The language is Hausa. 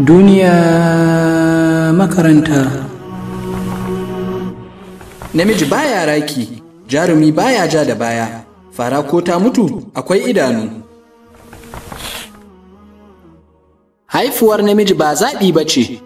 duniya makaranta namiji baya raki jarumi baya ja da baya fara ko ta mutu akwai idanu haifuwar namiji ba zaɓi ba ce